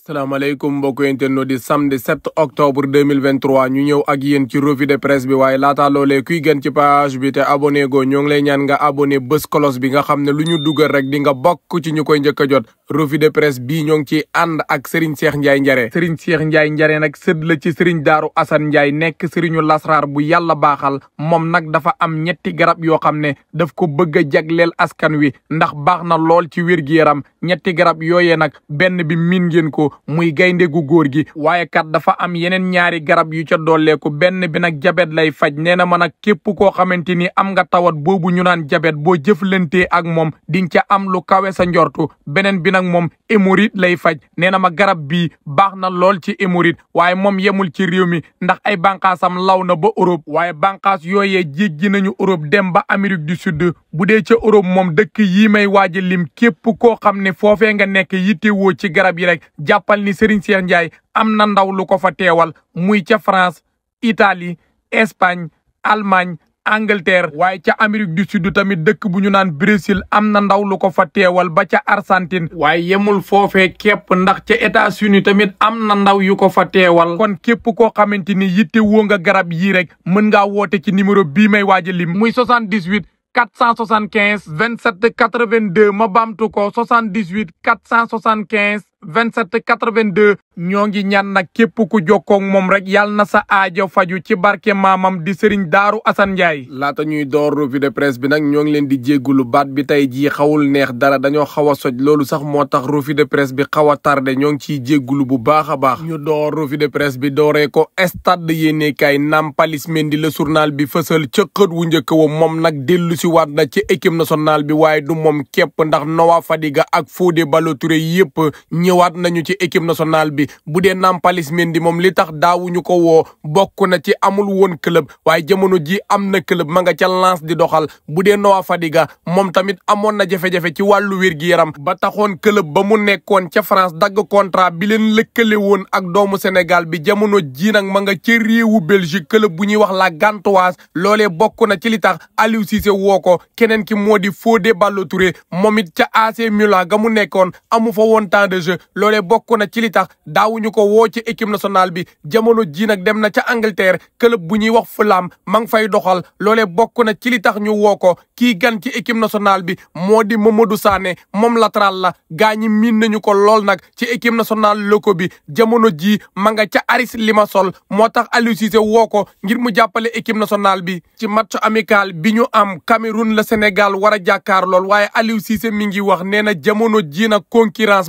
salaamaaleykum mbokk internet di samedi 7 octobre 2023 ñu ñëw ak yéen ci revue de presse bi waaye laata loolee kuy gën ci page bi te abonné go ñoo ngi lay ñaan nga abone bés kolos bi nga xam ne lu ñu dugal rek di nga bokk ci ñu koy njëkk a jot revue de presse bii ñoo ngi ciy ànd ak Serigne Cheikh Ndiaye Njare Serigne Cheikh Ndiaye Njare nag sëdd la ci Serigne Daaru Assane Ndiaye nekk Serigne Lasraar bu yàlla baaxal moom nag dafa am ñetti garab yoo xam ne daf ko bëgg a jagleel askan wi ndax baax na lool ci wér-gi-yaram ñetti garab yooyee nag benn bi miin ngeen ko muy gaynde gu góor gi waaye kat dafa am yeneen ñaari garab yu ca ko benn bi nag jabet lay faj nee na ma nag képp koo xamante ni am nga tawat boobu ñu naan jabet boo jëflantee ak moom di nga ca am lu kawe sa njortu beneen bi nag moom hémorroïde lay faj nee na ma garab bii baax na lool ci hémorroïde waaye moom yemul ci réew mi ndax ay banqaasam law na ba Europe waaye bànqaas yooyee ji nañu Europe dem ba Amérique du Sud bu dee ca Europe moom dëkk yi may waaj lim képp koo xam ne foofee nga nekk yittewoo ci garab yi rek jàppal ni Serigne Cheikh Ndiaye am na ndaw lu ko fa teewal muy ca France itali Espagne Allemagne Angleterre waaye ca Amérique du Sud tamit dëkk bu ñu naan Brésil am na ndaw lu ko fa teewal ba ca Argentine waaye yemul foofee képp ndax ca États-Unis tamit am na ndaw yu ko fa teewal kon képp koo xamante ni yittewoo nga garab yii rek mën ngaa woote ci numéro bii may waaj a lim muy 78 475 27 82 ma baamtu ko 78 475 27 82 ñoo ngi ñaan nag képp ku jokkoog moom rek yàlla na sa aajo faju ci barke maamam di sëriñ Daaru Assane laata ñuy door revue de presse bi nag ñoo ngi leen di jéggulu baat bi tey jii xawul neex dara dañoo xaw a soj loolu sax moo tax revue de presse bi xaw a tardé ñoo ngi ciy jéggulu bu baaxa baax ñu door revue de presse bi dooree ko stade yéenekaay Nampalys Mendy la journal bi fësal ca wu njëkk wa moom nag dellu si waat na ci équipe nationale bi waaye du moom képp ndax Noah Fadiga ak Fodé Ballo-Touré yëpp ñëwaat nañu ci équipe nationale bi bu dee Nampalys Mendy moom li tax daawuñu ko woo bokk na ci amul woon club waaye jamono ji am na club ma nga ca Lens di doxal bu dee a Fadiga moom tamit amoon na jafe-jafe ci wàllu wér gi yaram ba taxoon club ba mu nekkoon ca France dagg contrat bi leen lëkkale woon ak doomu Sénégal bi jamono ji nag ma nga ca réewu Belgique club bu ñuy wax la Gantoise loole bokk na ci li tax Aliou Cissé woo ko keneen ki moo di Fodé Ballo-Touré moom it ca AC Milan ga mu nekkoon amu fa woon temps de jeu loolee bokk na ci li tax daawuñu ko woo ci équipe nationale bi jamono ji nag dem na ca Angleterre club bu ñuy wax Fulham ma ngi fay doxal loolee bokk na ci li tax ñu woo ko kii gan ci équipe nationale bi moo di Mamadou Sané moom latéral la gaa ñi miin nañu ko lool nag ci équipe nationale loko bi jamono jii ma nga ca Aris Limassol moo tax Aliou Cissé woo ko ngir mu jàppale équipe nationale bi ci match amical bi ñu am Cameroun la Sénégal war a jàkkaar lool waaye Aliou Cissé mi wax nee na jamono ji nag concurrence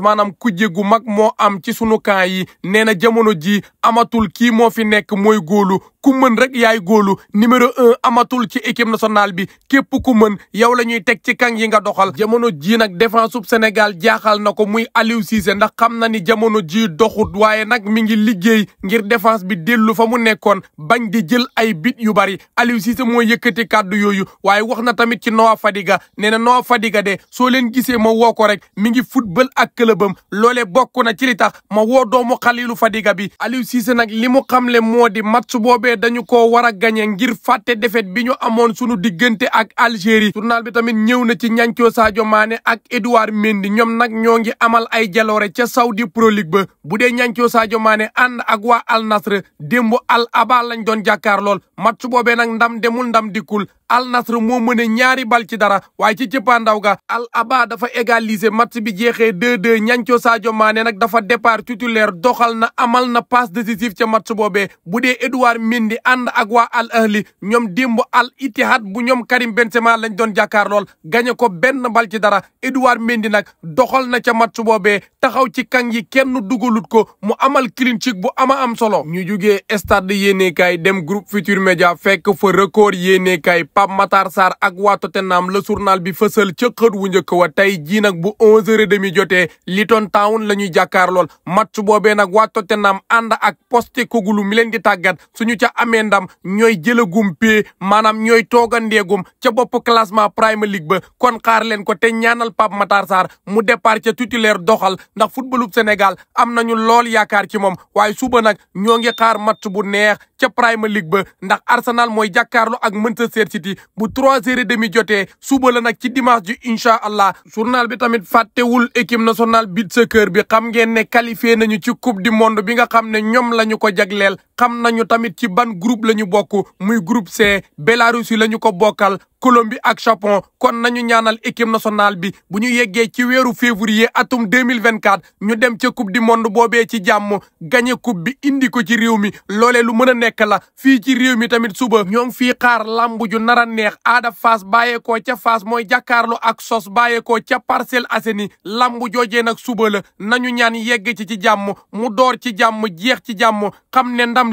mujje gu mag moo am ci sunu camp yi nee na jamono ji amatul kii moo fi nekk mooy góolu ku mën rek yaay góolu numéro amatul ci équipe nationale bi képp ku mën yow la ñuy teg ci kang yi nga doxal jamono ji nag défense sub Sénégal jaaxal na ko muy Aliou ndax xam na ni jamono ji doxut waaye nag mi ngi liggéey ngir défense bi dellu fa mu nekkoon bañ di jël ay bit yu bari Aliou Cissé moo yëkkati kàddu yooyu waaye wax na tamit ci Noah Fadiga nee na Noah Fadiga de soo leen gisee ma woo ko rek mi ngi football ak clubam loolee bokk na ci li tax ma woo doomu Khalilou Fadiga bi Aliou nag li mu xamle moo di match boobee dañu ko war a gagné ngir fàtte defet bi ñu amoon sunu diggante ak Algérie journal bi tamit ñëw na ci ñancoo Sadio Mané ak Edouard Mendy ñoom nag ñoo ngi amal ay jaloore ca sawdi Pro ba bu dee ñancoo Sadio Mané ànd ak waa Al Nasr démb Al Aba lañ doon jàkkaar lool match boobee nag ndam demul ndam dikkul al nasr moo mëne ñaari bal ci dara waaye ci cëppaandaw ga al aba dafa égaliser match bi jeexee 2-2 ñancoo Sadio Mané nag dafa depart titulaire doxal na amal na passe décisive ca match boobee bu dee Edouard Mendy ànd ak waa al ahli ñoom démb al itihad bu ñoom Karim Benzema lañ doon jàkkaar lool gañe ko benn bal ci dara Edouard Mendy nag doxal na ca match boobee taxaw ci kang yi kenn dugalut ko mu amal clean sheet bu ama am solo ñu jugee stade yéenekaay dem groupe Futurs Médias fekk fa record yéenekaay Pape Matar Sarr ak waa Tottenham le journal bi fësal ca xët wu njëkk wa tey jii nag bu 11h30 jotee Luton Town la ñuy jàkkaar lool match boobee nag waa nam ànd ak Postecoglou mi leen di tàggat ñu ca amee ndam ñooy jëlagum pee maanaam ñooy toogandeegum ca bopp classement Premier League ba kon xaar leen ko te ñaanal Pape Matar Sarr mu départ ca titulaire doxal ndax footballu Sénégal am nañu lool yaakaar ci moom waaye suba nag ñoo ngi match bu neex ca Premier League ba ndax Arsenal mooy jàkkaarloo ak Manchester City bu trois heures et demi jotee suba la nag ci dimage ji incha allah journal bi tamit fàttewul équipe nationale beach soccer bi xam ngeen ne qualifié nañu ci coupe du monde bi nga xam ne ñoom la ñu ko jagleel xam nañu tamit ci ban group la ñu bokk muy groupe C Bélarus la ñu ko bokkal Colombie ak Japon kon nañu ñaanal équipe nationale bi bu ñu yeggee ci weeru février atum 2024 ñu dem ca coupe di monde boobee ci jàmm gagné coupe bi indi ko ci réew mi loole lu mën a nekk la fii ci réew mi tamit suba ñoo ngi fii xaar lamb ju nar a neex aada Fass bàyyeekoo ca Fass mooy jàkkaarloo ak sos bàyyeekoo ca parcelle Assainies lamb joojee nag suba la nañu ñaan yegg ci ci jàmm mu door ci jàmm jeex ci jàmm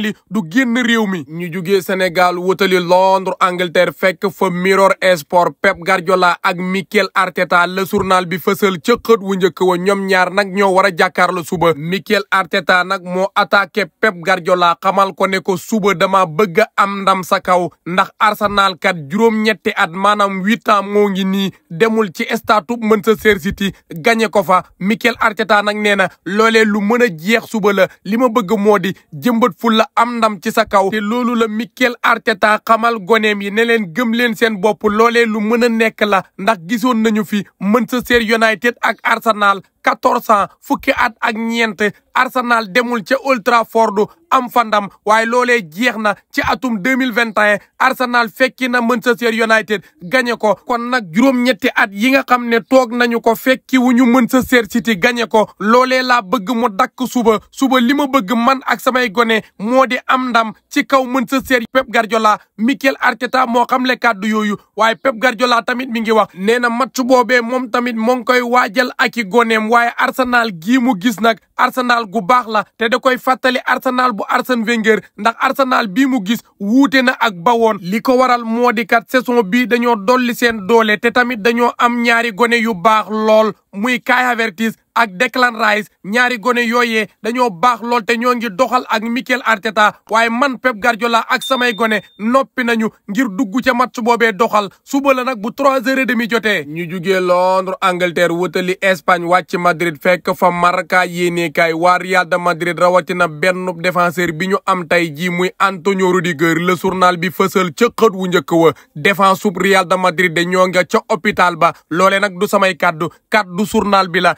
li du génn réew mi ñu jugee Sénégal wutali Londres Angleterre fekk fa Mirror Sport Pep Guardiola ak Mikel Arteta la journal bi fësal ca xët wu njëkk wa ñoom ñaar nag ñoo war a jàkkaarloo suba Mikel Arteta nag moo attaqué Pep Guardiola xamal ko ne ko suba dama bëgg am ndam sa kaw ndax Arsenal kat juróom-ñetti at maanaam huit ans moo ngi nii demul ci stade Manchester City gagné ko fa Mikel Arteta nag nee na loolee lu mën a jeex suba la li bëgg moo di jëmbat fulla am ndam ci sa kaw te loolu la Mikel Arteta xamal goneem yi ne leen gëm leen seen bopp loolee lu mën a nekk la ndax gisoon nañu fi mën sa Manchester United ak Arsenal quatorze ans fukki at ak ñeent Arsenal demul ca Old Trafford am fa ndam waaye loole jeex na ci atum deux mille vingt et un Arsenal fekki na Manchester United gagné ko kon nag juróom-ñetti at yi nga xam ne toog nañu ko fekki wu ñu Manchester City gagné ko loole laa bëgg mu dakk suba suba li ma bëgg man ak samay gone moo di am ndam ci kaw Manchester Pep Guardiola Mikel Arteta moo xam le kàddu yooyu waaye Pep Guardiola tamit mi ngi wax nee na match moom tamit moo koy waajal ak goneem waaye Arsenal gii mu gis nag Arsenal gu baax la te da koy fàttali Arsenal bu Arsène Wenger ndax Arsenal bii mu gis wuute na ak bawoon li ko waral moo di kat saison bii dañoo dolli seen doole te tamit dañoo am ñaari gone yu baax lool muy Kai Havertz ak Declan Rice ñaari gone yooyee dañoo baax lool te ñoo ngi doxal ak Mikel Arteta waaye man Pep Guardiola ak samay gone noppi nañu ngir dugg ca match boobee doxal suba la nag bu trois heures de demi jotee. ñu jugee Londres Angleterre wutali Espagne wàcc Madrid fekk fa Marca yéenekaay waa Real de Madrid rawatina benn défenseur bi ñu am tey jii muy Antonio Rudiger la journal bi fësal ca xët wu njëkk wa défense sub Real de Madrid de nga ca hôpital ba loolee nag du samay kaddu kaddu journal bi la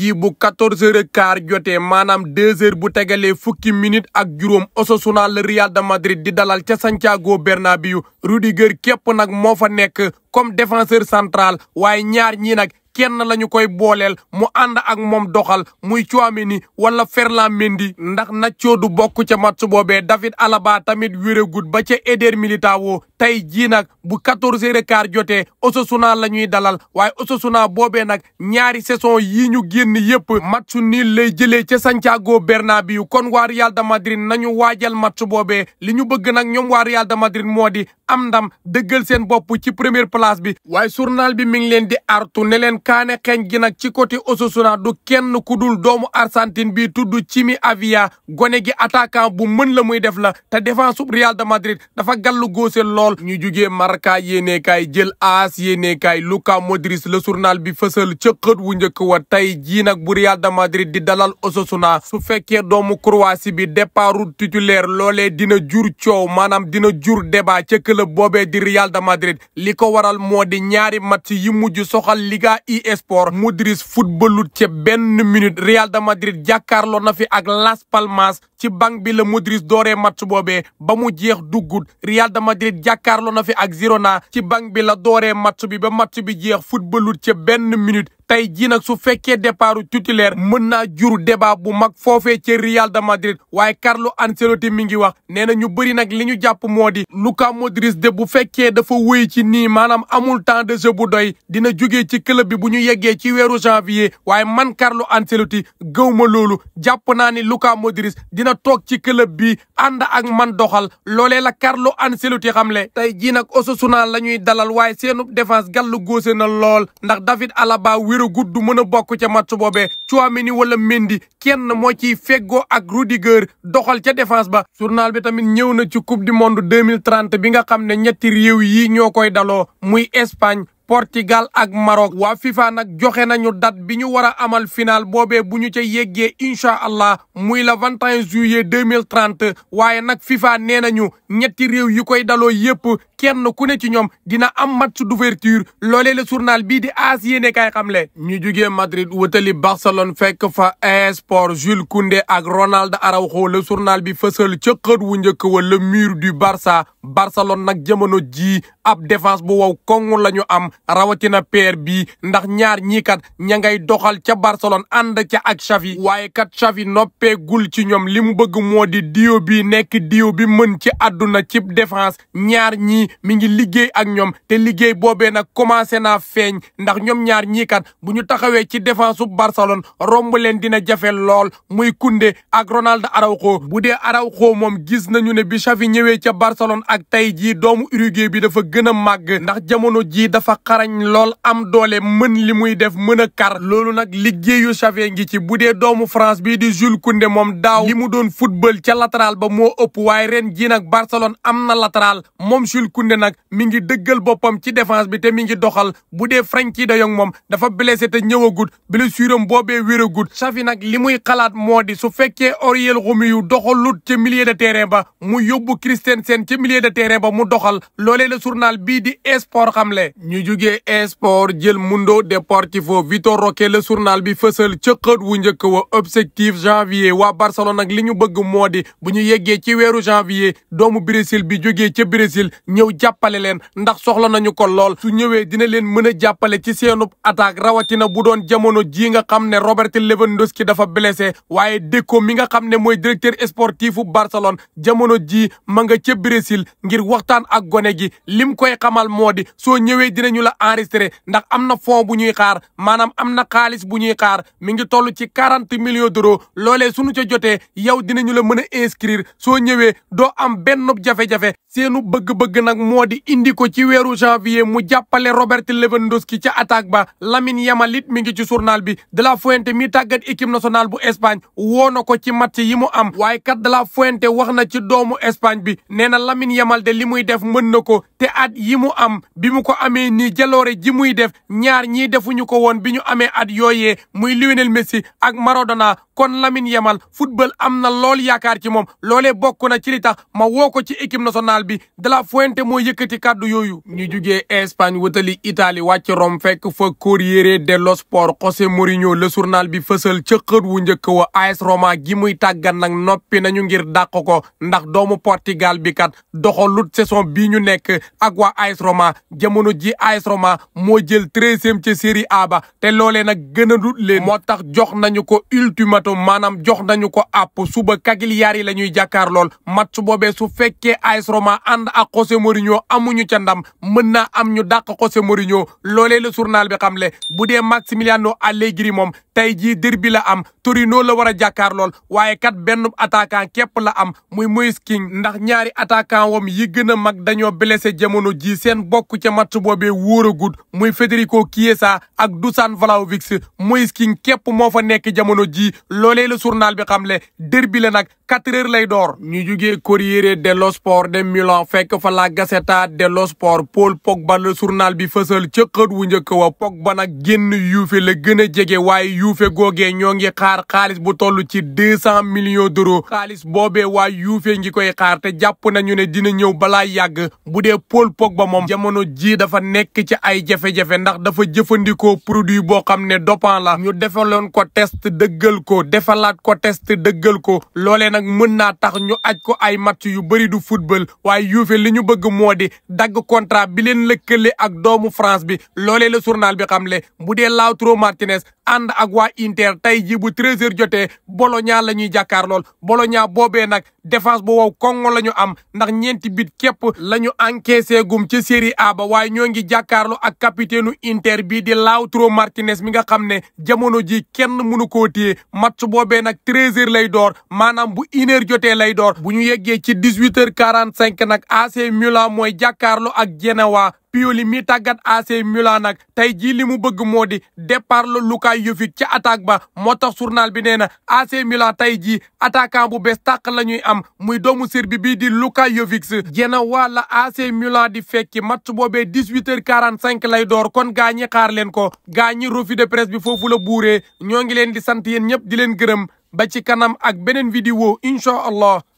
jii bu quatorze heures et quart jotee maanaam deux heures bu tegalee fukki minute ak juróom Osasuna la Real de Madrid di dalal ca Santiago Bernabéu Rudiger képp nag moo fa nekk comme défenseur centrale waaye ñaar ñii nag kenn lañu koy booleel mu ànd ak moom doxal muy ni wala Ferland Mendy ndax Nacho du bokk ca match boobee David Alaba tamit wéregut ba ca Eder Militao tey jii nag bu quatorze heures et quart jotee Osasuna la ñuy dalal waaye Osasuna boobee nag ñaari saison yii ñu génn yépp match nii lay jëlee ci Santiago Bernabéu kon waa Real de Madrid nañu waajal match boobee li ñu bëgg nag ñoom waa Real de Madrid moo di am ndam dëggal seen bopp ci première place bi waaye journal bi mi ngi leen di artu ne leen kaane xeeñ gi nag ci côté Osasuna du kenn ku dul doomu Argentine bi tudd Chimi Avia gone gi attaquant bu mën la muy def la te défense sub Real de dafa gàllu góose lool ñu jugee Marca yéenekaay jël AS yéenekaay Luka Modric la journal bi fësal ca xët wu njëkk wa tey jii nag bu Real de Madrid di dalal Osasuna su fekkee doomu Croatie bi départu titulaire loolee dina jur coow maanaam dina jur débat ca club boobee di Real de Madrid li ko waral moo di ñaari match yi mujj soxal Liga e-sport Modric footballut ca benn minute Real de Madrid jàkkaarloo na fi ak Las Palmas ci banc bi la Modric doore match boobee ba mu jeex duggut jàkkaarloo na fi ak Girona ci banc bi la dooree match bi ba match bi jeex footballut ca benn minute tey jii nag su fekkee départu titulaire mën naa jur débat bu mag foofee ci Real de Madrid waaye karlu Ancelotti mi ngi wax nee na ñu bëri nag li ñu jàpp moo di Luka Modric de bu fekkee dafa wéy ci nii maanaam amul temps de jeu bu doy dina jógee ci club bi bu ñu yeggee ci weeru janvier waaye man Carlo Ancelotti gëw ma loolu jàpp naa ni Luka Modric dina toog ci club bi ànd ak man doxal loolee la Carlo xam le tey jii nag Osasuna la ñuy dalal waaye seenu défense gàllu góose na lool ndax wéru gudd du mën a bokk ca match boobee ni wala Mendy kenn moo ciy feggoo ak Rudiger doxal ca défense ba journal bi tamit ñëw na ci coupe du monde 2030 bi nga xam ne ñetti réew yi ñoo koy daloo muy Espagne portigal ak Maroc waa FIFA nag joxe nañu date bi ñu war a amal final boobe bu ñu ca yeggee incha allah muy la 21 juillet 2030 waaye nag FIFA nee nañu ñetti réew yi koy daloo yépp kenn ku ne ci ñoom dina am match d'ouverture loole la journal bii di aas yéene kay xamle ñu jugee Madrid wutali Barcelone fekk fa esport Jules Koundé ak Ronald Araujo le journal bi fësal ca xët wu njëkk wa le mur du Barça Barcelone nag jamono jii ab défense bu wow koŋŋ la ñu am rawatina paire bi ndax ñaar ñii kat ña ngay doxal ca Barcelone ànd ca ak Xavi waaye kat Xavi noppeegul ci ñoom li mu bëgg moo di dio bi nekk dio bi mën ci adduna cib défense ñaar mi ngi liggéey ak ñoom te liggéey boobee nag commencé naa feeñ ndax ñoom ñaar ñii kat bu ñu taxawee ci défense su romb leen dina jafe lool muy Koundé ak Ronald Araujo bu dee araw Araujo moom gis nañu ne bi Xavi ñëwee ca Barcelone ak tey jii doomu Uruguay bi dafa gën a màgg ndax jamono jii dafa xarañ lool am doole mën li muy def mën a kar loolu nag liggéeyu Xavi ngi ci bu dee doomu France bii di Jules Koundé moom daaw li mu doon football ca latéral ba moo ëpp waaye ren jii nag Barcelone am na latéral Koundé nag mi ngi dëggal boppam ci défense bi te mi ngi doxal bu dee Frenkie de Jong moom dafa blessé te ñëwagut blessure am boobee wéragut Xavi nag li muy xalaat moo di su fekkee oriel Oriol Romeu doxalut ca milieu de terrain ba mu yóbbu seen ca milieu de terrain ba mu doxal loole la journal bii di esport le ñu jugee esport jël Mundo Deportivo Vitor Roque la journal bi fësal ca wu njëkk wa objectif janvier waa Barcelone nag li ñu bëgg moo di bu ñu yeggee ci weeru janvier doomu bi jógee ca ñëw jàppale leen ndax soxla nañu ko lool su ñëwee dina leen mën a jàppale ci seenub attaque rawatina bu doon jamono ji nga xam ne Robert Lewandowski dafa blessé waaye Deco mi nga xam ne mooy directeur sportifu Barcelone jamono ji ma nga ca Brésil ngir waxtaan ak gone gi lim koy xamal moo di soo ñëwee dinañu la enregistré ndax am na fond bu ñuy xaar maanaam am na xaalis bu ñuy xaar mi ngi toll ci quarante millions d'euros loolee nu ca jotee yow dinañu la mën a inscrire soo ñëwee doo am benn jafe moo di indi ko ci weeru janvier mu jàppale Robert Lewandowski ca attaque ba Lamine Yamal it mi ngi ci journal bi De La Fuente mi tàggat équipe nationale bu Espagne woo na ko ci match yi mu am waaye kat De La Fuente wax na ci doomu Espagne bi nee na Lamine Yamal de li muy def mën na ko te at yi mu am bi mu ko amee ni jaloore ji muy def ñaar ñi defuñu ko woon bi ñu amee at yooyee muy Lionel Messi ak Maradona kon lamin Yamal football am na lool yaakaar ci moom loolee bokk na ci li tax ma bi moo yëkkati kàddu yooyu ñu jugee Espagne wëtali Italie wàcc Rome fekk fa Corriere dello Sport José Mourinho le journal bi fësal ca xët wu njëkk wa AS Roma gi muy tàggat nag noppi nañu ngir dàq ko ndax doomu Portugal bi kat doxalut saison bii ñu nekk ak waa AS Roma jamono ji AS Roma moo jël treizième ca Serie A te loole nag gën a dut moo tax jox nañu ko ultimatum maanaam jox nañu ko app suba Cagliari la ñuy jàkkaar lool match boobee su fekkee AS Roma ànd ak José Mourinho amuñu ca ndam mën naa am ñu dàq José Mourinho loolee la surnal bi xam le bu dee Maximiliano Allegri moom tey jii bi la am Torino la war a jàkkaar lool waaye kat benn attaquant képp la am muy Moise King ndax ñaari attaquant wam yi gën a mag dañoo blessé jamono ji seen bokk ca match boobee wóoragud muy Federico Chiesa ak Dusan Vlahovic Moise King képp moo fa nekk jamono ji loolee la surnal bi xam le bi la nag quatre heures lay door ñu jugee Corriere dello Sport de Milan fekk fa la Gazzetta dello Sport Paul ba le surnal bi fësal ca wu njëkk wa ba nag génn yuufe la gën a jege waaye Juve googee ñoo ngi xaar xaalis bu toll ci deux cent millions d'euros xaalis boobee waa Juve ngi koy xaar te jàpp nañu ne dina ñëw balaa yàgg bu dee Paul ba moom jamono ji dafa nekk ci ay jafe-jafe ndax dafa jëfandikoo produit boo xam ne dopant la ñu defaloon ko test dëggal ko defalaat ko test dëggal ko nag mën naa tax ñu aj ko ay match yu bëri du football waaye yuufe li ñu bëgg moo di dagg contrat bi leen lëkkale ak doomu France bi loole la journal bi xam le bu dee Lautaro Martinez ànd ak waa Inter tey ji bu 13h bolo Bologna la ñuy jàkkaar lool Bologna boobee nag défense bu wow kongo la ñu am ndax ñeenti bit képp la ñu encaissé gum ci série A waaye ñoo ngi jàkkaarloo ak capitaine Inter bii di Lautaro Martinez mi nga xam ne jamono ji kenn mënu koo téye match boobee nag treize heures lay door maanaam bu une heure lay door bu ñu yeggee ci dix huit heures quarante cinq nag AC Milan mooy jàkkaarloo ak Genoa Pioli mi tàggat AC Milan nag tey jii li mu bëgg moo di départ la Luka Jovic ca attaque ba moo tax journal bi nee na AC Milan tey jii attaquant bu bees tàq la ñuy am muy doomu Serbi bii di Luka Jovic. jena wala AC Milan di fekki match boobee dix huit heures quarante cinq lay door kon gaa xaar leen ko gaa ñi revue de presse bi foofu la buuree ñoo ngi leen di sant yéen ñëpp di leen gërëm ba ci kanam ak beneen vidéo incha allah.